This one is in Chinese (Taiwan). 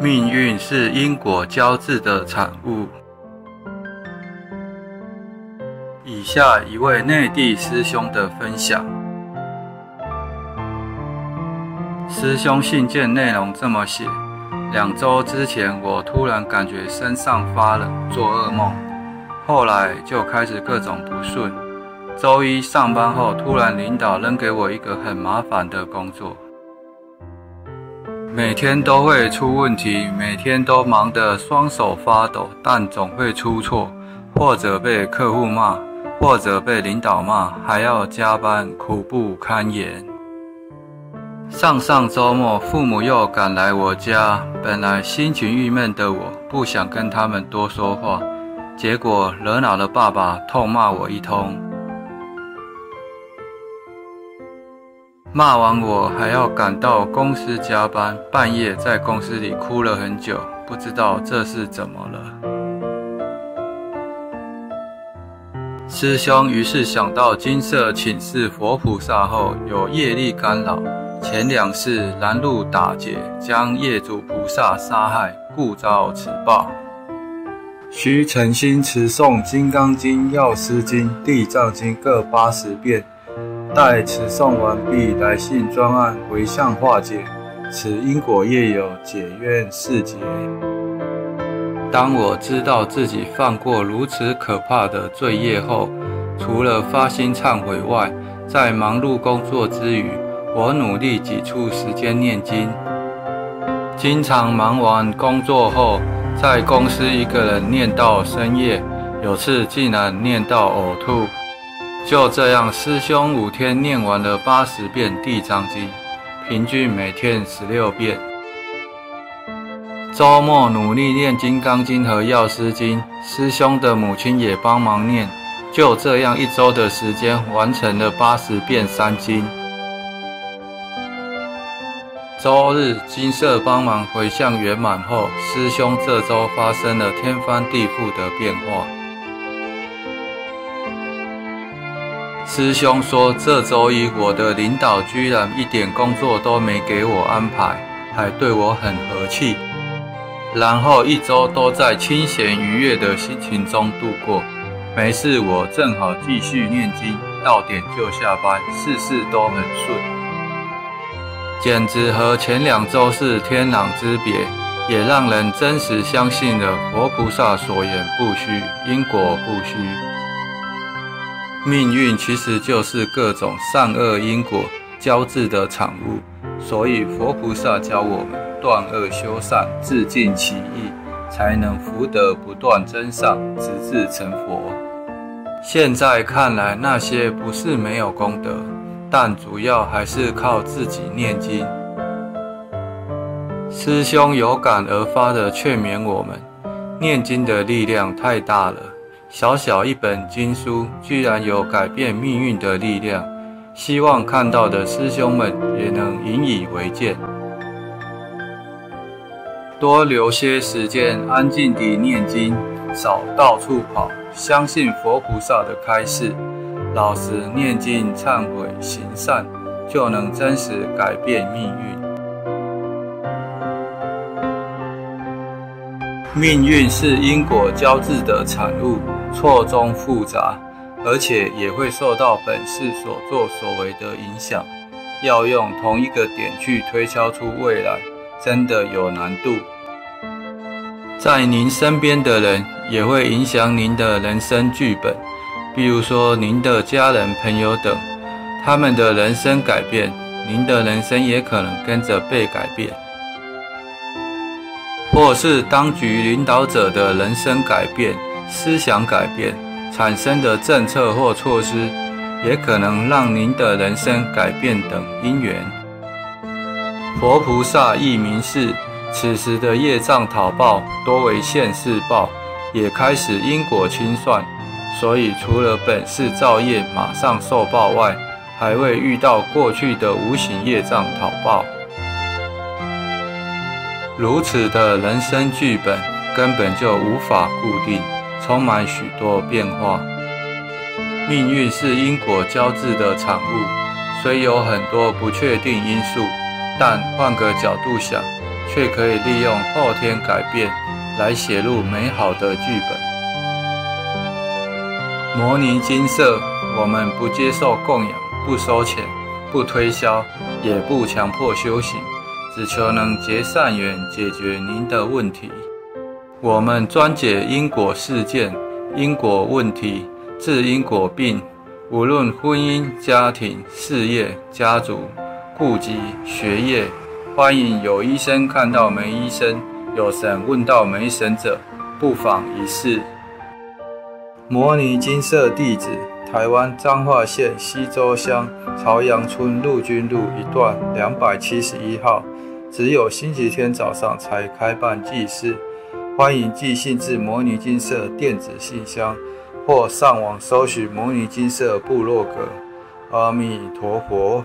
命運是因果交織的產物。以下一位內地師兄的分享。師兄信件內容這麼寫：兩周之前，我突然感覺身上發冷，做噩夢，後來就開始各種不順。周一上班後，突然領導扔給我一個很麻煩的工作。每天都會出問題，每天都忙得雙手發抖，但總會出錯，或者被客戶罵，或者被領導罵，還要加班，苦不堪言。上上周末，父母又趕來我家，本來心情鬱悶的我不，不想跟他們多說話，結果惹惱了爸爸，痛罵我一通。罵完我還要趕到公司加班，半夜在公司裡哭了很久，不知道這是怎麼了。師兄於是想到精舍請示佛菩薩後，有業力干擾，前兩世攔路打劫，將業主菩薩殺害，故遭此報。需誠心持誦《金剛經》《藥師經》《地藏經》各八十遍。待持誦完畢，來信專案回向化解，此因果業有解冤釋結。當我知道自己犯過如此可怕的罪業後，除了發心懺悔外，在忙碌工作之餘，我努力擠出時間念經。經常忙完工作後，在公司一個人念到深夜，有次竟然念到嘔吐。就這樣，師兄五天念完了八十遍地藏經，平均每天十六遍。周末努力念金剛經和藥師經，師兄的母親也幫忙念。就這樣，一周的時間完成了八十遍三經。周日金色幫忙回向圓滿後，師兄這周發生了天翻地覆的變化。師兄說，這周一我的領導居然一點工作都沒給我安排，還對我很和氣，然後一周都在清閒愉悅的心情中度過。沒事，我正好繼續念經，到點就下班，事事都很順，簡直和前兩周是天壤之別，也讓人真實相信了佛菩薩所言不虛，因果不虛。命運其實就是各種善惡因果交織的產物，所以佛菩薩教我們斷惡修善，自淨其意，才能福德不斷增上，直至成佛。現在看來，那些不是沒有功德，但主要還是靠自己念經。師兄有感而發的勸勉我們，念經的力量太大了。小小一本經書，居然有改變命運的力量。希望看到的師兄們也能引以為戒，多留些時間安靜地念經，少到處跑。相信佛菩薩的開示，老實念經、懺悔、行善，就能真實改變命運。命運是因果交織的產物。錯綜複雜，而且也會受到本世所作所為的影響。要用同一個點去推敲出未來，真的有難度。在您身邊的人也會影響您的人生劇本，比如說您的家人、朋友等，他們的人生改變，您的人生也可能跟着被改變，或是當局領導者的人生改變。思想改變產生的政策或措施，也可能讓您的人生改變等因緣。佛菩薩亦明示，此時的業障討報多為現世報，也開始因果清算。所以，除了本世造業馬上受報外，還未遇到過去的無形業障討報。如此的人生劇本根本就無法固定。充滿許多變化，命運是因果交織的產物，雖有很多不確定因素，但換個角度想，卻可以利用後天改變來寫入美好的劇本。牟尼精舍，我們不接受供養，不收錢，不推銷，也不強迫修行，只求能結善緣，解決您的問題。我們專解因果事件、因果問題、治因果病，無論婚姻、家庭、事業、家族、痼疾、學業，歡迎有醫生看到沒醫生，有神問到沒神者，不妨一試。牟尼精舍地址，台灣彰化縣溪州鄉朝陽村陸軍路一段兩百七十一號，只有星期天早上才開辦祭事。歡迎寄信至牟尼精舍電子信箱，或上網搜尋牟尼精舍部落格。阿彌陀佛。